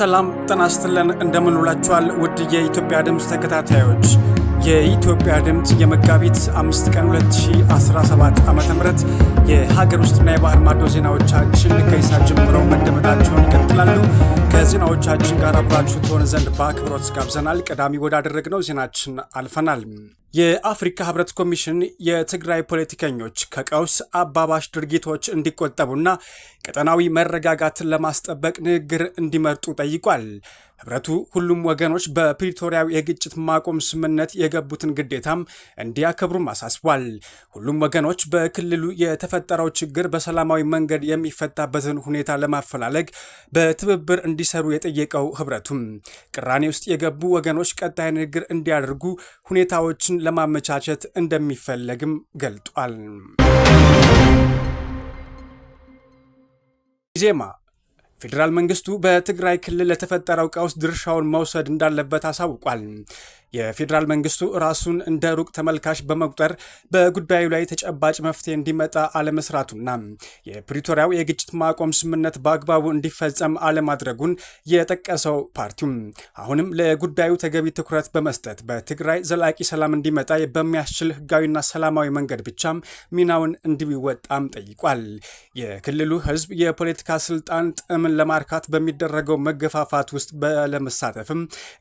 ሰላም ጤና ይስጥልን እንደምንውላችኋል ውድ የኢትዮጵያ ድምፅ ተከታታዮች የኢትዮጵያ ድምፅ የመጋቢት 5 ቀን 2017 ዓ ም የሀገር ውስጥና የባህር ማዶ ዜናዎቻችን ከይሳ ጀምረው መደመጣቸውን ይቀጥላሉ። ከዜናዎቻችን ጋር አብራችሁ ትሆን ዘንድ በአክብሮት ጋብዘናል። ቀዳሚ ወዳደረግነው ዜናችን አልፈናል። የአፍሪካ ህብረት ኮሚሽን የትግራይ ፖለቲከኞች ከቀውስ አባባሽ ድርጊቶች እንዲቆጠቡና ቀጠናዊ መረጋጋትን ለማስጠበቅ ንግግር እንዲመርጡ ጠይቋል። ህብረቱ ሁሉም ወገኖች በፕሪቶሪያው የግጭት ማቆም ስምምነት የገቡትን ግዴታም እንዲያከብሩም አሳስቧል። ሁሉም ወገኖች በክልሉ የተፈጠረው ችግር በሰላማዊ መንገድ የሚፈታበትን ሁኔታ ለማፈላለግ በትብብር እንዲሰሩ የጠየቀው ህብረቱም ቅራኔ ውስጥ የገቡ ወገኖች ቀጣይ ንግግር እንዲያደርጉ ሁኔታዎችን ለማመቻቸት እንደሚፈለግም ገልጧል። ኢዜማ ፌዴራል መንግስቱ በትግራይ ክልል ለተፈጠረው ቀውስ ድርሻውን መውሰድ እንዳለበት አሳውቋል። የፌዴራል መንግስቱ ራሱን እንደ ሩቅ ተመልካች በመቁጠር በጉዳዩ ላይ ተጨባጭ መፍትሄ እንዲመጣ አለመስራቱና የፕሪቶሪያው የግጭት ማቆም ስምምነት በአግባቡ እንዲፈጸም አለማድረጉን የጠቀሰው ፓርቲውም አሁንም ለጉዳዩ ተገቢ ትኩረት በመስጠት በትግራይ ዘላቂ ሰላም እንዲመጣ በሚያስችል ህጋዊና ሰላማዊ መንገድ ብቻም ሚናውን እንዲወጣም ጠይቋል። የክልሉ ህዝብ የፖለቲካ ስልጣን ጥምን ለማርካት በሚደረገው መገፋፋት ውስጥ ባለመሳተፍም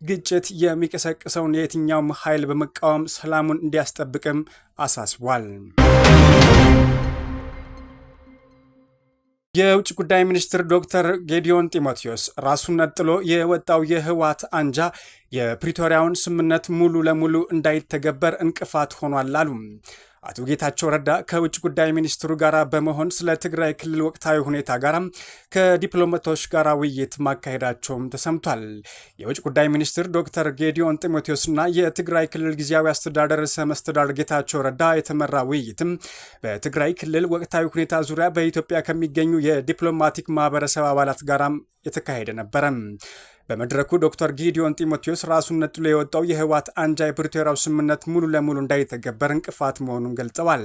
ግጭት የሚቀሰቅሰውን የትኛውም ኃይል በመቃወም ሰላሙን እንዲያስጠብቅም አሳስቧል። የውጭ ጉዳይ ሚኒስትር ዶክተር ጌዲዮን ጢሞቴዎስ ራሱን ነጥሎ የወጣው የህወሓት አንጃ የፕሪቶሪያውን ስምምነት ሙሉ ለሙሉ እንዳይተገበር እንቅፋት ሆኗል አሉ። አቶ ጌታቸው ረዳ ከውጭ ጉዳይ ሚኒስትሩ ጋር በመሆን ስለ ትግራይ ክልል ወቅታዊ ሁኔታ ጋር ከዲፕሎማቶች ጋር ውይይት ማካሄዳቸውም ተሰምቷል። የውጭ ጉዳይ ሚኒስትር ዶክተር ጌዲዮን ጢሞቴዎስና የትግራይ ክልል ጊዜያዊ አስተዳደር ርዕሰ መስተዳደር ጌታቸው ረዳ የተመራ ውይይትም በትግራይ ክልል ወቅታዊ ሁኔታ ዙሪያ በኢትዮጵያ ከሚገኙ የዲፕሎማቲክ ማህበረሰብ አባላት ጋራም የተካሄደ ነበረ። በመድረኩ ዶክተር ጊዲዮን ጢሞቴዎስ ራሱን ነጥሎ የወጣው የህወሓት አንጃ የፕሪቶሪያው ስምምነት ሙሉ ለሙሉ እንዳይተገበር እንቅፋት መሆኑን ገልጸዋል።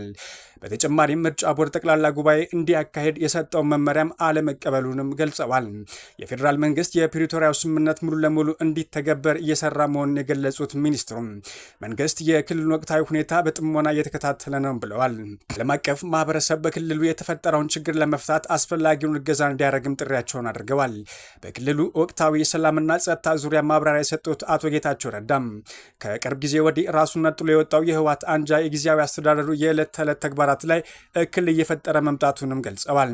በተጨማሪም ምርጫ ቦርድ ጠቅላላ ጉባኤ እንዲያካሄድ የሰጠውን መመሪያም አለመቀበሉንም ገልጸዋል። የፌዴራል መንግስት የፕሪቶሪያው ስምምነት ሙሉ ለሙሉ እንዲተገበር እየሰራ መሆኑን የገለጹት ሚኒስትሩም መንግስት የክልሉን ወቅታዊ ሁኔታ በጥሞና እየተከታተለ ነው ብለዋል። ዓለም አቀፍ ማህበረሰብ በክልሉ የተፈጠረውን ችግር ለመፍታት አስፈላጊውን እገዛ እንዲያደርግም ጥሪያቸውን አድርገዋል። በክልሉ ወቅታዊ የሰላም ሰላምና ጸጥታ ዙሪያ ማብራሪያ የሰጡት አቶ ጌታቸው ረዳም ከቅርብ ጊዜ ወዲህ ራሱን ነጥሎ የወጣው የህወሓት አንጃ የጊዜያዊ አስተዳደሩ የዕለት ተዕለት ተግባራት ላይ እክል እየፈጠረ መምጣቱንም ገልጸዋል።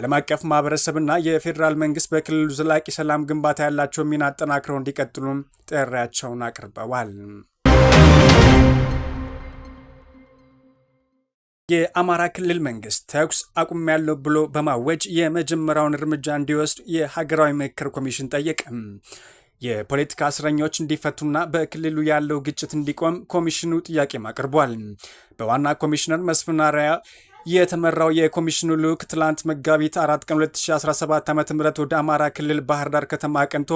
ዓለም አቀፍ ማህበረሰብና የፌዴራል መንግስት በክልሉ ዘላቂ ሰላም ግንባታ ያላቸው ሚና አጠናክረው እንዲቀጥሉም ጥሪያቸውን አቅርበዋል። የአማራ ክልል መንግስት ተኩስ አቁም ያለው ብሎ በማወጅ የመጀመሪያውን እርምጃ እንዲወስድ የሀገራዊ ምክክር ኮሚሽን ጠየቀ። የፖለቲካ እስረኞች እንዲፈቱና በክልሉ ያለው ግጭት እንዲቆም ኮሚሽኑ ጥያቄም አቅርቧል። በዋና ኮሚሽነር መስፍን አርአያ የተመራው የኮሚሽኑ ልዑክ ትላንት መጋቢት አራት ቀን 2017 ዓ ም ወደ አማራ ክልል ባህር ዳር ከተማ አቅንቶ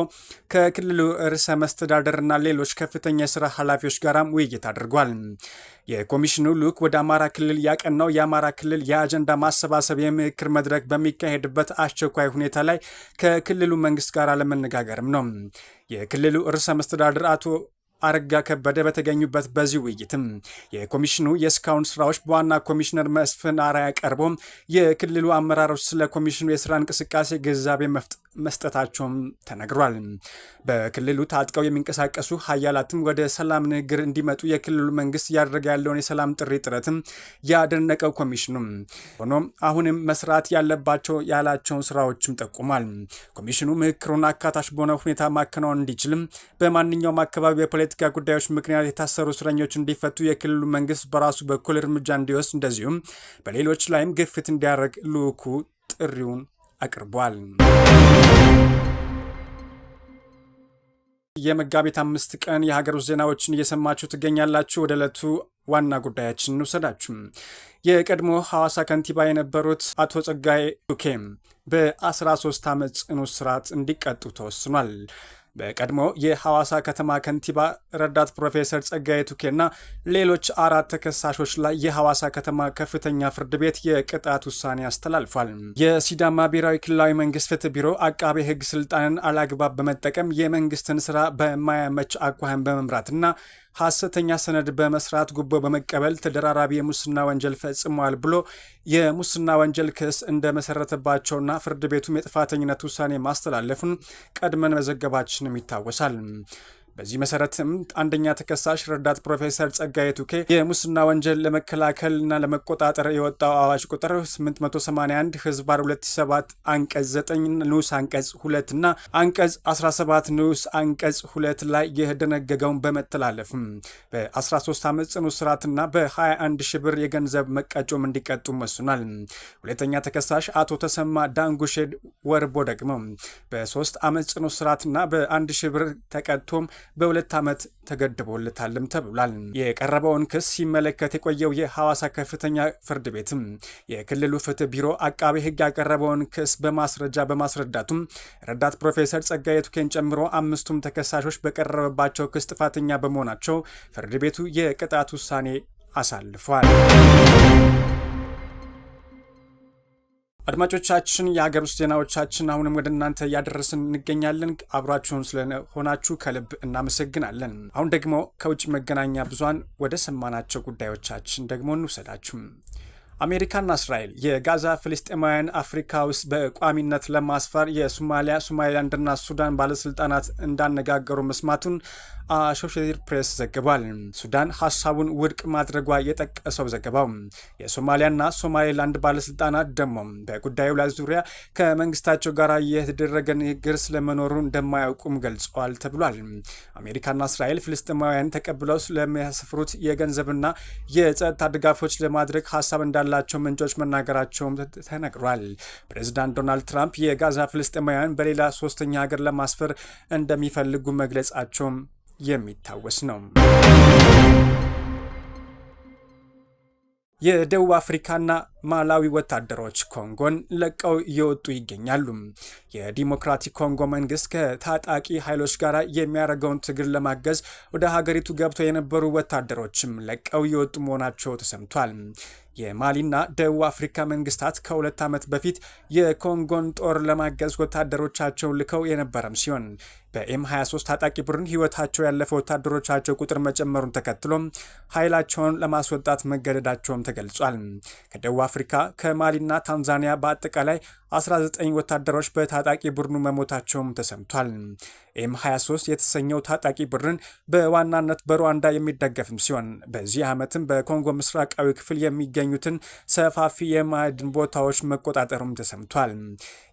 ከክልሉ ርዕሰ መስተዳደርና ሌሎች ከፍተኛ የስራ ኃላፊዎች ጋራም ውይይት አድርጓል። የኮሚሽኑ ልዑክ ወደ አማራ ክልል ያቀናው የአማራ ክልል የአጀንዳ ማሰባሰብ የምክክር መድረክ በሚካሄድበት አስቸኳይ ሁኔታ ላይ ከክልሉ መንግስት ጋር ለመነጋገርም ነው። የክልሉ ርዕሰ መስተዳደር አቶ አረጋ ከበደ በተገኙበት በዚህ ውይይትም የኮሚሽኑ የእስካሁን ስራዎች በዋና ኮሚሽነር መስፍን አርአያ ቀርቦ የክልሉ አመራሮች ስለ ኮሚሽኑ የስራ እንቅስቃሴ ግንዛቤ መስጠታቸውም ተነግሯል። በክልሉ ታጥቀው የሚንቀሳቀሱ ሀያላትም ወደ ሰላም ንግግር እንዲመጡ የክልሉ መንግስት እያደረገ ያለውን የሰላም ጥሪ ጥረትም ያደነቀው ኮሚሽኑ ሆኖም አሁንም መስራት ያለባቸው ያላቸውን ስራዎችም ጠቁሟል። ኮሚሽኑ ምክክሩን አካታች በሆነ ሁኔታ ማከናወን እንዲችልም በማንኛውም አካባቢ የፖለቲካ ጉዳዮች ምክንያት የታሰሩ እስረኞች እንዲፈቱ የክልሉ መንግስት በራሱ በኩል እርምጃ እንዲወስድ እንደዚሁም በሌሎች ላይም ግፊት እንዲያደርግ ልዑኩ ጥሪውን አቅርቧል። የመጋቢት አምስት ቀን የሀገር ውስጥ ዜናዎችን እየሰማችሁ ትገኛላችሁ። ወደ ዕለቱ ዋና ጉዳያችን እንውሰዳችሁ። የቀድሞ ሐዋሳ ከንቲባ የነበሩት አቶ ጸጋዬ ዱኬም በ13 ዓመት ጽኑ እስራት እንዲቀጡ ተወስኗል። በቀድሞ የሐዋሳ ከተማ ከንቲባ ረዳት ፕሮፌሰር ጸጋዬ ቱኬና ሌሎች አራት ተከሳሾች ላይ የሐዋሳ ከተማ ከፍተኛ ፍርድ ቤት የቅጣት ውሳኔ አስተላልፏል። የሲዳማ ብሔራዊ ክልላዊ መንግስት ፍትህ ቢሮ አቃቤ ሕግ ስልጣንን አላግባብ በመጠቀም የመንግስትን ስራ በማያመች በመምራት በመምራትና ሐሰተኛ ሰነድ በመስራት ጉቦ በመቀበል ተደራራቢ የሙስና ወንጀል ፈጽሟል ብሎ የሙስና ወንጀል ክስ እንደመሰረተባቸውና ፍርድ ቤቱም የጥፋተኝነት ውሳኔ ማስተላለፉን ቀድመን መዘገባችን enemista, o pues, sea, al... በዚህ መሰረትም አንደኛ ተከሳሽ ረዳት ፕሮፌሰር ጸጋዬ ቱኬ የሙስና ወንጀል ለመከላከል ለመከላከልና ለመቆጣጠር የወጣው አዋጅ ቁጥር 881 ህዝባር 27 አንቀጽ 9 ንዑስ አንቀጽ 2 እና አንቀጽ 17 ንዑስ አንቀጽ 2 ላይ የደነገገውን በመተላለፍም በ13 ዓመት ጽኑ እስራትና በ21 ሺህ ብር የገንዘብ መቀጮም እንዲቀጡ ወስኗል። ሁለተኛ ተከሳሽ አቶ ተሰማ ዳንጉሼድ ወርቦ ደግሞ በ3 ዓመት ጽኑ እስራትና በ1 ሺህ ብር ተቀጥቶም በሁለት ዓመት ተገድቦለታልም ተብሏል። የቀረበውን ክስ ሲመለከት የቆየው የሐዋሳ ከፍተኛ ፍርድ ቤትም የክልሉ ፍትህ ቢሮ አቃቤ ሕግ ያቀረበውን ክስ በማስረጃ በማስረዳቱም ረዳት ፕሮፌሰር ጸጋዬ ቱኬን ጨምሮ አምስቱም ተከሳሾች በቀረበባቸው ክስ ጥፋተኛ በመሆናቸው ፍርድ ቤቱ የቅጣት ውሳኔ አሳልፏል። አድማጮቻችን የሀገር ውስጥ ዜናዎቻችን አሁንም ወደ እናንተ እያደረስን እንገኛለን። አብራችሁን ስለሆናችሁ ከልብ እናመሰግናለን። አሁን ደግሞ ከውጭ መገናኛ ብዙሃን ወደ ሰማናቸው ጉዳዮቻችን ደግሞ እንውሰዳችሁ። አሜሪካና እስራኤል የጋዛ ፍልስጤማውያን አፍሪካ ውስጥ በቋሚነት ለማስፈር የሶማሊያ ሶማሊላንድና ሱዳን ባለስልጣናት እንዳነጋገሩ መስማቱን አሶሽትድ ፕሬስ ዘግቧል። ሱዳን ሀሳቡን ውድቅ ማድረጓ የጠቀሰው ዘገባው የሶማሊያና ሶማሌላንድ ባለስልጣናት ደግሞ በጉዳዩ ላይ ዙሪያ ከመንግስታቸው ጋር የተደረገ ንግግር ስለመኖሩ እንደማያውቁም ገልጸዋል ተብሏል። አሜሪካና እስራኤል ፍልስጤማውያን ተቀብለው ስለሚያስፍሩት የገንዘብና የጸጥታ ድጋፎች ለማድረግ ሀሳብ እንዳላቸው ምንጮች መናገራቸውም ተነግሯል። ፕሬዚዳንት ዶናልድ ትራምፕ የጋዛ ፍልስጤማውያን በሌላ ሶስተኛ ሀገር ለማስፈር እንደሚፈልጉ መግለጻቸውም የሚታወስ ነው። የደቡብ አፍሪካና ማላዊ ወታደሮች ኮንጎን ለቀው እየወጡ ይገኛሉ። የዲሞክራቲክ ኮንጎ መንግስት ከታጣቂ ኃይሎች ጋር የሚያደርገውን ትግል ለማገዝ ወደ ሀገሪቱ ገብተው የነበሩ ወታደሮችም ለቀው እየወጡ መሆናቸው ተሰምቷል። የማሊና ደቡብ አፍሪካ መንግስታት ከሁለት ዓመት በፊት የኮንጎን ጦር ለማገዝ ወታደሮቻቸውን ልከው የነበረም ሲሆን በኤም 23 ታጣቂ ቡድን ህይወታቸው ያለፈ ወታደሮቻቸው ቁጥር መጨመሩን ተከትሎ ኃይላቸውን ለማስወጣት መገደዳቸውም ተገልጿል። ከደቡብ አፍሪካ ከማሊና ታንዛኒያ በአጠቃላይ 19 ወታደሮች በታጣቂ ቡድኑ መሞታቸውም ተሰምቷል። ኤም 23 የተሰኘው ታጣቂ ቡድን በዋናነት በሩዋንዳ የሚደገፍም ሲሆን በዚህ ዓመትም በኮንጎ ምስራቃዊ ክፍል የሚገኙትን ሰፋፊ የማዕድን ቦታዎች መቆጣጠሩም ተሰምቷል።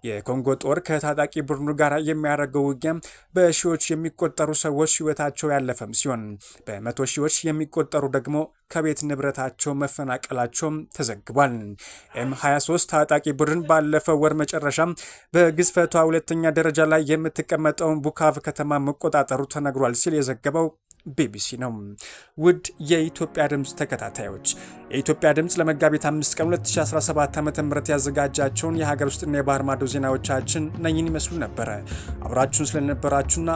የኮንጎ ጦር ከታጣቂ ቡድኑ ጋር የሚያደርገው ውጊያ በሺዎች የሚቆጠሩ ሰዎች ሕይወታቸው ያለፈም ሲሆን በመቶ ሺዎች የሚቆጠሩ ደግሞ ከቤት ንብረታቸው መፈናቀላቸውም ተዘግቧል። ኤም 23 ታጣቂ ቡድን ባለፈው ወር ወር መጨረሻም በግዝፈቷ ሁለተኛ ደረጃ ላይ የምትቀመጠውን ቡካቭ ከተማ መቆጣጠሩ ተነግሯል ሲል የዘገበው ቢቢሲ ነው። ውድ የኢትዮጵያ ድምፅ ተከታታዮች የኢትዮጵያ ድምፅ ለመጋቢት 5 ቀን 2017 ዓ ም ያዘጋጃቸውን የሀገር ውስጥና የባህር ማዶ ዜናዎቻችን ነኝን ይመስሉ ነበረ። አብራችሁን ስለነበራችሁና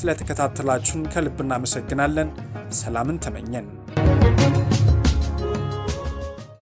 ስለተከታተላችሁን ከልብ እናመሰግናለን። ሰላምን ተመኘን።